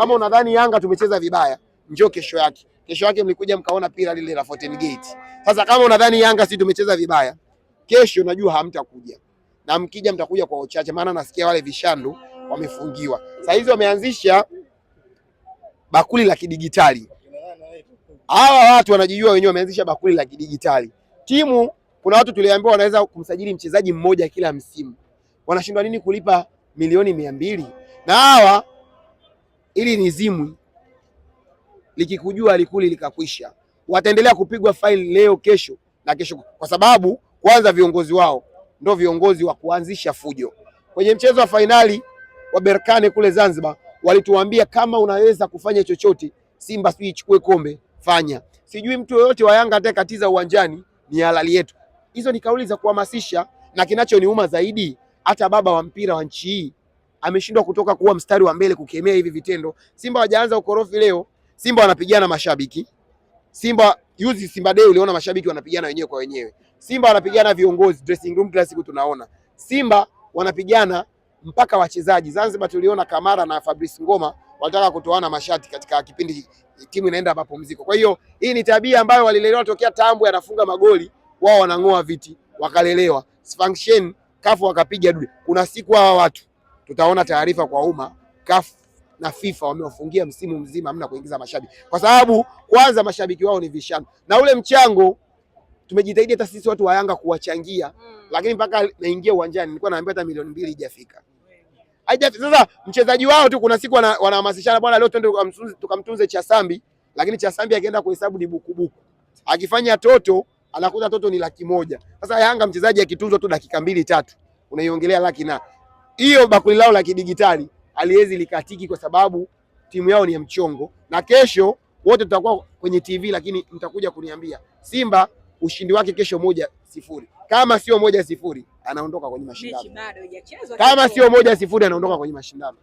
Kama unadhani Yanga tumecheza vibaya, njoo kesho yake. Kesho yake mlikuja mkaona pira lile la Fountain Gate. Sasa kama unadhani Yanga si tumecheza vibaya, kesho najua hamtakuja. Na mkija mtakuja kwa uchache, maana nasikia wale vishandu wamefungiwa. Sasa hizo wameanzisha bakuli la kidigitali. Hawa watu wanajijua wenyewe, wameanzisha bakuli la kidigitali. Timu kuna watu tuliambiwa wanaweza kumsajili mchezaji mmoja kila msimu. Wanashindwa nini kulipa milioni mia mbili? Na hawa ili ni zimwi, likikujua alikuli likakwisha. Wataendelea kupigwa faili leo, kesho na kesho, kwa sababu kwanza viongozi wao ndio viongozi wa kuanzisha fujo. Kwenye mchezo wa fainali wa Berkane kule Zanzibar, walituambia kama unaweza kufanya chochote, Simba sijui ichukue kombe, fanya sijui mtu yoyote wa Yanga atakatiza uwanjani, ni halali yetu. Hizo ni kauli za kuhamasisha, na kinachoniuma zaidi, hata baba wa mpira wa nchi hii ameshindwa kutoka kuwa mstari wa mbele kukemea hivi vitendo. Simba wajaanza ukorofi leo, Simba wanapigana mashabiki. Simba yuzi Simba Day uliona mashabiki wanapigana wenyewe kwa wenyewe. Simba wanapigana viongozi, dressing room kila siku tunaona. Simba wanapigana mpaka wachezaji. Zanzibar tuliona Kamara na Fabrice Ngoma wanataka kutoana mashati katika kipindi timu inaenda mapumziko. Kwa hiyo hii ni tabia ambayo walilelewa tokea Tambwe anafunga magoli, wao wanang'oa viti, wakalelewa. Sfunction kafu wakapiga dude. Kuna siku hawa watu tutaona taarifa kwa umma, CAF na FIFA wamewafungia msimu mzima, hamna kuingiza mashabiki, kwa sababu kwanza mashabiki wao ni vishano, na ule mchango tumejitahidi hata sisi watu wa Yanga kuwachangia mm. Lakini mpaka naingia uwanjani nilikuwa naambia hata milioni mbili haijafika. Sasa mchezaji wao tu, kuna siku wanahamasishana, bwana, leo twende tukamtunze Chasambi, lakini Chasambi akienda kuhesabu ni bukubuku, akifanya toto anakuta toto ni laki moja. Sasa Yanga mchezaji akitunzwa tu dakika mbili tatu unaiongelea laki na hiyo bakuli lao la kidigitali aliwezi likatiki, kwa sababu timu yao ni ya mchongo, na kesho wote tutakuwa kwenye TV, lakini mtakuja kuniambia Simba ushindi wake kesho moja sifuri, kama sio moja sifuri anaondoka kwenye mashindano, kama sio moja sifuri anaondoka kwenye mashindano.